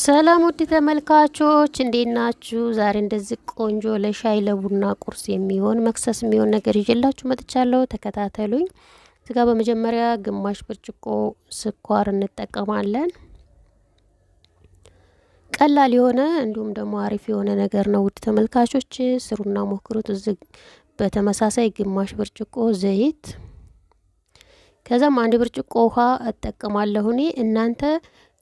ሰላም ውድ ተመልካቾች እንዴት ናችሁ? ዛሬ እንደዚህ ቆንጆ ለሻይ ለቡና ቁርስ የሚሆን መክሰስ የሚሆን ነገር ይዤላችሁ መጥቻለሁ። ተከታተሉኝ። እዚጋ በመጀመሪያ ግማሽ ብርጭቆ ስኳር እንጠቀማለን። ቀላል የሆነ እንዲሁም ደግሞ አሪፍ የሆነ ነገር ነው። ውድ ተመልካቾች ስሩና ሞክሩት። እዚህ በተመሳሳይ ግማሽ ብርጭቆ ዘይት፣ ከዛም አንድ ብርጭቆ ውሃ እጠቀማለሁ እኔ እናንተ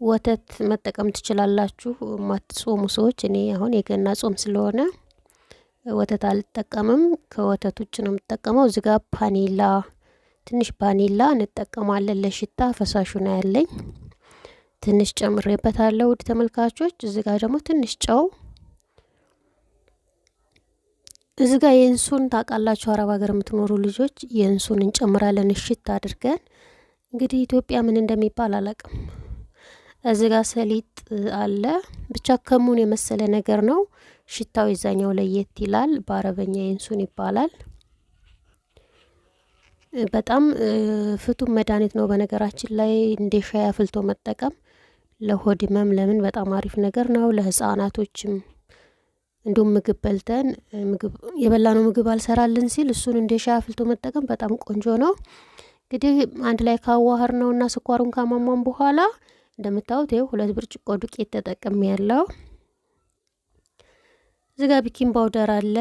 ወተት መጠቀም ትችላላችሁ የማትጾሙ ሰዎች። እኔ አሁን የገና ጾም ስለሆነ ወተት አልጠቀምም። ከወተት ውጭ ነው የምጠቀመው። እዚህ ጋር ፓኒላ ትንሽ ፓኒላ እንጠቀማለን ለሽታ። ፈሳሹ ነው ያለኝ ትንሽ ጨምሬበታለሁ። ውድ ተመልካቾች እዚህ ጋር ደግሞ ትንሽ ጨው እዚህ ጋር የእንሱን ታውቃላችሁ፣ አረብ ሀገር የምትኖሩ ልጆች የእንሱን እንጨምራለን እሽት አድርገን። እንግዲህ ኢትዮጵያ ምን እንደሚባል አላውቅም። እዚህ ጋር ሰሊጥ አለ። ብቻ ከሙን የመሰለ ነገር ነው። ሽታው የዛኛው ለየት ይላል። በአረበኛ የእንሱን ይባላል። በጣም ፍቱም መድኃኒት ነው። በነገራችን ላይ እንደ ሻይ አፍልቶ መጠቀም ለሆድ ህመም ለምን በጣም አሪፍ ነገር ነው። ለህፃናቶችም እንዲሁም ምግብ በልተን ምግብ የበላነው ምግብ አልሰራልን ሲል እሱን እንደ ሻይ አፍልቶ መጠቀም በጣም ቆንጆ ነው። እንግዲህ አንድ ላይ ካዋህር ነው እና ስኳሩን ካማሟን በኋላ እንደምታዩት ይኸው ሁለት ብርጭቆ ዱቄት ተጠቅም ያለው እዚጋ ቢኪን ፓውደር አለ።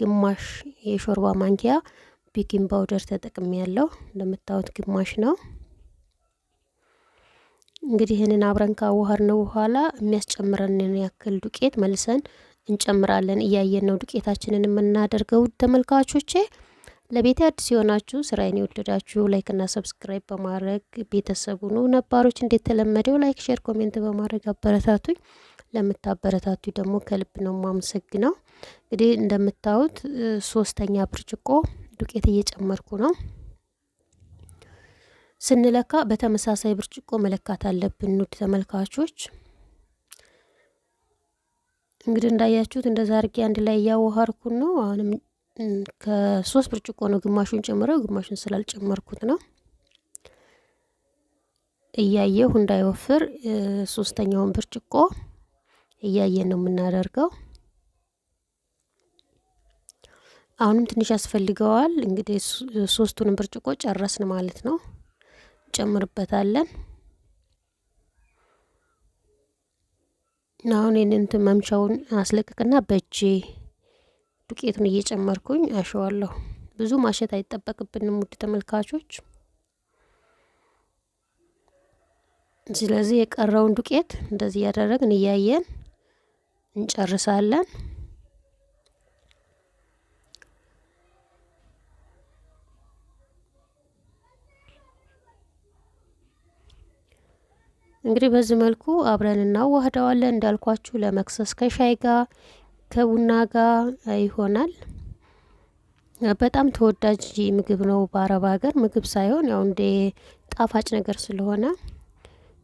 ግማሽ የሾርባ ማንኪያ ቢኪን ፓውደር ተጠቅም ያለው እንደምታዩት ግማሽ ነው። እንግዲህ ይህንን አብረን ነው በኋላ የሚያስጨምረንን ያክል ዱቄት መልሰን እንጨምራለን። እያየን ነው ዱቄታችንን የምናደርገው ተመልካቾቼ። ለቤት አዲስ የሆናችሁ ስራዬን የወደዳችሁ ላይክና ሰብስክራይብ በማድረግ ቤተሰቡ ነው። ነባሮች እንደተለመደው ላይክ፣ ሼር፣ ኮሜንት በማድረግ አበረታቱኝ። ለምታበረታቱ ደግሞ ከልብ ነው ማመሰግነው። እንግዲህ እንደምታዩት ሶስተኛ ብርጭቆ ዱቄት እየጨመርኩ ነው። ስንለካ በተመሳሳይ ብርጭቆ መለካት አለብን። ውድ ተመልካቾች እንግዲህ እንዳያችሁት እንደዛ አድርጌ አንድ ላይ እያዋሃርኩን ነው አሁንም ከሶስት ብርጭቆ ነው ግማሹን ጨምረው፣ ግማሹን ስላልጨመርኩት ነው። እያየሁ እንዳይወፍር ሶስተኛውን ብርጭቆ እያየን ነው የምናደርገው። አሁንም ትንሽ ያስፈልገዋል። እንግዲህ ሶስቱንም ብርጭቆ ጨረስን ማለት ነው። እንጨምርበታለን። አሁን ይህንን መምቻውን አስለቅቅና በእጄ ዱቄቱን እየጨመርኩኝ አሸዋለሁ። ብዙ ማሸት አይጠበቅብንም ውድ ተመልካቾች። ስለዚህ የቀረውን ዱቄት እንደዚህ እያደረግን እያየን እንጨርሳለን። እንግዲህ በዚህ መልኩ አብረን እናዋህደዋለን። እንዳልኳችሁ ለመክሰስ ከሻይ ጋር ከቡና ጋር ይሆናል። በጣም ተወዳጅ ምግብ ነው። በአረብ ሀገር ምግብ ሳይሆን ያው እንደ ጣፋጭ ነገር ስለሆነ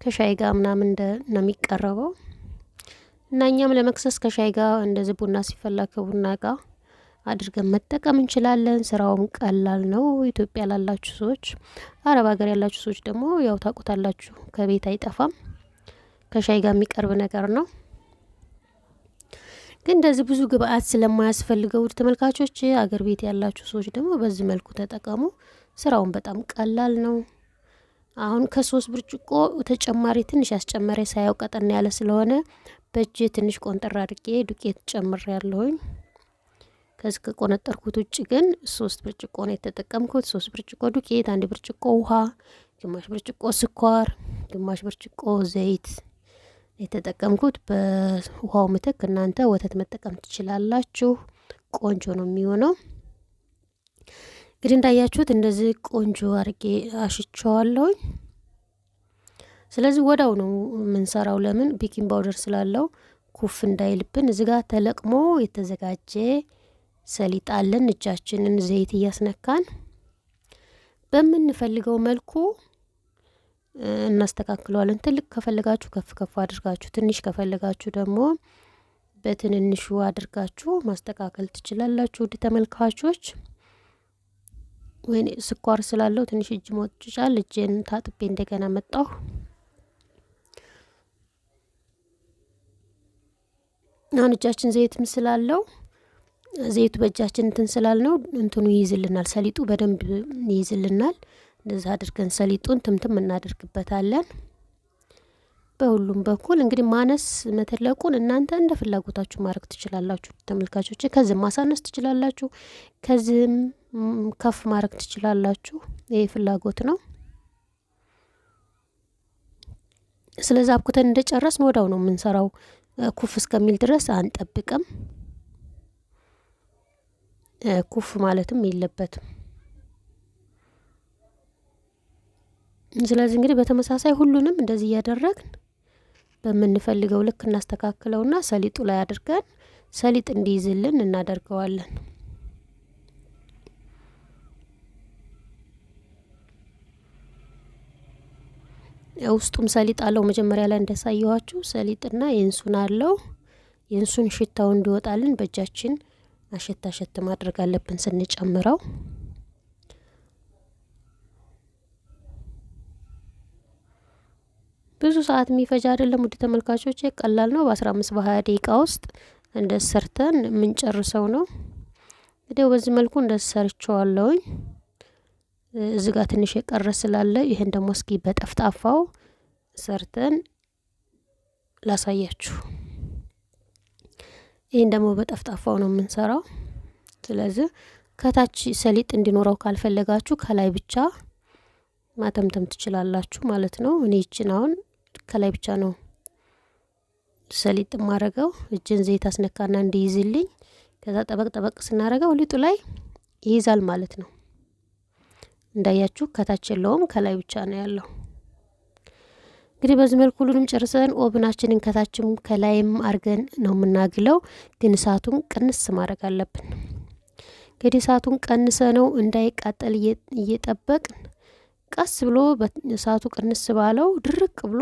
ከሻይ ጋር ምናምን ነው የሚቀረበው እና እኛም ለመክሰስ ከሻይ ጋር እንደዚህ ቡና ሲፈላ ከቡና ጋር አድርገን መጠቀም እንችላለን። ስራውም ቀላል ነው። ኢትዮጵያ ላላችሁ ሰዎች፣ አረብ ሀገር ያላችሁ ሰዎች ደግሞ ያው ታውቁታላችሁ፣ ከቤት አይጠፋም። ከሻይ ጋር የሚቀርብ ነገር ነው። ግን እንደዚህ ብዙ ግብአት ስለማያስፈልገው ውድ ተመልካቾች፣ አገር ቤት ያላችሁ ሰዎች ደግሞ በዚህ መልኩ ተጠቀሙ። ስራውን በጣም ቀላል ነው። አሁን ከሶስት ብርጭቆ ተጨማሪ ትንሽ ያስጨመረ ሳያው ቀጠን ያለ ስለሆነ በእጄ ትንሽ ቆንጠር አድርጌ ዱቄት ጨምር ያለሁኝ። ከዚህ ከቆነጠርኩት ውጭ ግን ሶስት ብርጭቆ ነው የተጠቀምኩት። ሶስት ብርጭቆ ዱቄት፣ አንድ ብርጭቆ ውሃ፣ ግማሽ ብርጭቆ ስኳር፣ ግማሽ ብርጭቆ ዘይት የተጠቀምኩት። በውሃው ምትክ እናንተ ወተት መጠቀም ትችላላችሁ። ቆንጆ ነው የሚሆነው። እንግዲህ እንዳያችሁት እንደዚህ ቆንጆ አርጌ አሽቸዋለሁኝ። ስለዚህ ወዳው ነው የምንሰራው። ለምን ቢኪን ፓውደር ስላለው ኩፍ እንዳይልብን። እዚ ጋር ተለቅሞ የተዘጋጀ ሰሊጥ አለን። እጃችንን ዘይት እያስነካን በምንፈልገው መልኩ እናስተካክለዋለን። ትልቅ ከፈለጋችሁ ከፍ ከፍ አድርጋችሁ፣ ትንሽ ከፈለጋችሁ ደግሞ በትንንሹ አድርጋችሁ ማስተካከል ትችላላችሁ። ውድ ተመልካቾች፣ ወይኔ ስኳር ስላለው ትንሽ እጅ ሞጭጫል። እጄን ታጥቤ እንደገና መጣሁ። አሁን እጃችን ዘይትም ስላለው ዘይቱ በእጃችን እንትን ስላል ነው እንትኑ ይይዝልናል፣ ሰሊጡ በደንብ ይይዝልናል። እንደዚህ አድርገን ሰሊጡን ትምትም እናደርግበታለን። በሁሉም በኩል እንግዲህ ማነስ መተለቁን እናንተ እንደ ፍላጎታችሁ ማድረግ ትችላላችሁ ተመልካቾች። ከዚህም ማሳነስ ትችላላችሁ፣ ከዚህም ከፍ ማድረግ ትችላላችሁ። ይህ ፍላጎት ነው። ስለዚህ አብኩተን እንደጨረስን ወዳው ነው የምንሰራው። ኩፍ እስከሚል ድረስ አንጠብቅም። ኩፍ ማለትም የለበትም። ስለዚህ እንግዲህ በተመሳሳይ ሁሉንም እንደዚህ እያደረግን በምንፈልገው ልክ እናስተካክለውና ሰሊጡ ላይ አድርገን ሰሊጥ እንዲይዝልን እናደርገዋለን። ውስጡም ሰሊጥ አለው። መጀመሪያ ላይ እንዳሳየኋችሁ ሰሊጥና የእንሱን አለው። የእንሱን ሽታው እንዲወጣልን በእጃችን አሸት አሸት ማድረግ አለብን ስንጨምረው ብዙ ሰዓት የሚፈጅ አይደለም። ውድ ተመልካቾች ቀላል ነው በአስራ አምስት በሀያ ደቂቃ ውስጥ እንደ ሰርተን የምንጨርሰው ነው። እንግዲህ በዚህ መልኩ እንደ ሰርቸዋለውኝ እዚህ ጋር ትንሽ የቀረ ስላለ ይህን ደግሞ እስኪ በጠፍጣፋው ሰርተን ላሳያችሁ። ይህን ደግሞ በጠፍጣፋው ነው የምንሰራው። ስለዚህ ከታች ሰሊጥ እንዲኖረው ካልፈለጋችሁ ከላይ ብቻ ማተምተም ትችላላችሁ ማለት ነው። እኔ ይችን አሁን ከላይ ብቻ ነው ሰሊጥ ማረገው። እጅን ዘይት አስነካና እንዲይዝልኝ ከዛ ጠበቅ ጠበቅ ስናረገው ሊጡ ላይ ይይዛል ማለት ነው። እንዳያችሁ ከታች የለውም ከላይ ብቻ ነው ያለው። እንግዲህ በዚህ መልኩ ሁሉንም ጨርሰን ኦብናችንን ከታችም ከላይም አርገን ነው የምናግለው፣ ግን እሳቱን ቅንስ ማድረግ አለብን። እንግዲህ እሳቱን ቀንሰ ነው እንዳይቃጠል እየጠበቅን ቀስ ብሎ እሳቱ ቅንስ ባለው ድርቅ ብሎ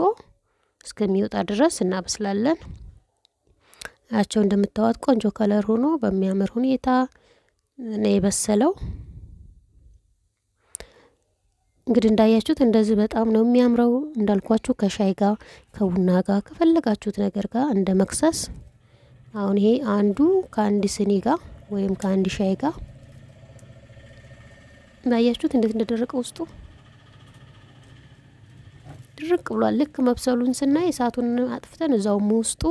እስከሚወጣ ድረስ እናበስላለን። አያቸው እንደምታዋት ቆንጆ ከለር ሆኖ በሚያምር ሁኔታ ነው የበሰለው። እንግዲህ እንዳያችሁት እንደዚህ በጣም ነው የሚያምረው። እንዳልኳችሁ ከሻይ ጋር፣ ከቡና ጋር፣ ከፈለጋችሁት ነገር ጋር እንደ መክሰስ አሁን ይሄ አንዱ ከአንድ ስኒ ጋር ወይም ከአንድ ሻይ ጋር እንዳያችሁት እንዴት እንደደረቀ ውስጡ ድርቅ ብሏል። ልክ መብሰሉን ስናይ እሳቱን አጥፍተን እዛውም ውስጡ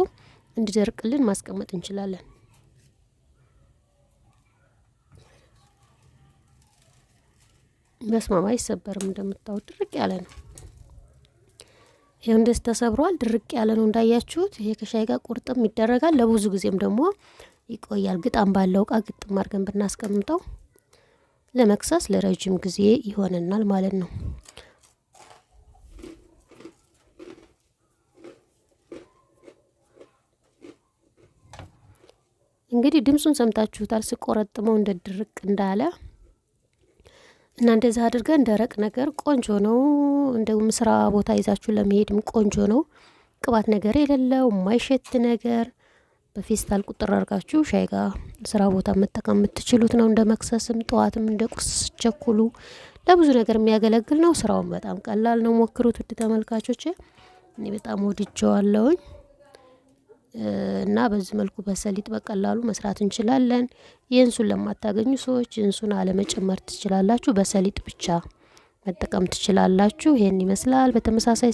እንዲደርቅልን ማስቀመጥ እንችላለን። በስማማ አይሰበርም። እንደምታዩት ድርቅ ያለ ነው። ይሄው እንደዚህ ተሰብሯል። ድርቅ ያለ ነው እንዳያችሁት። ይሄ ከሻይ ጋር ቁርጥም ይደረጋል። ለብዙ ጊዜም ደግሞ ይቆያል። ግጣም ባለው እቃ ግጥም አድርገን ብናስቀምጠው ለመክሰስ ለረጅም ጊዜ ይሆነናል ማለት ነው። እንግዲህ ድምፁን ሰምታችሁታል። ስቆረጥመው እንደ ድርቅ እንዳለ እና እንደዛ አድርገን ደረቅ ነገር ቆንጆ ነው። እንደውም ስራ ቦታ ይዛችሁ ለመሄድም ቆንጆ ነው። ቅባት ነገር የሌለው ማይሸት ነገር በፌስታል ቁጥር አድርጋችሁ ሻይ ጋር ስራ ቦታ መጠቀም የምትችሉት ነው። እንደ መክሰስም ጠዋትም እንደ ቁርስ ስቸኩሉ ለብዙ ነገር የሚያገለግል ነው። ስራውን በጣም ቀላል ነው። ሞክሩት ውድ ተመልካቾች፣ እኔ በጣም ወድጀዋለውኝ። እና በዚህ መልኩ በሰሊጥ በቀላሉ መስራት እንችላለን። የእንሱን ለማታገኙ ሰዎች እንሱን አለመጨመር ትችላላችሁ። በሰሊጥ ብቻ መጠቀም ትችላላችሁ። ይህን ይመስላል። በተመሳሳይ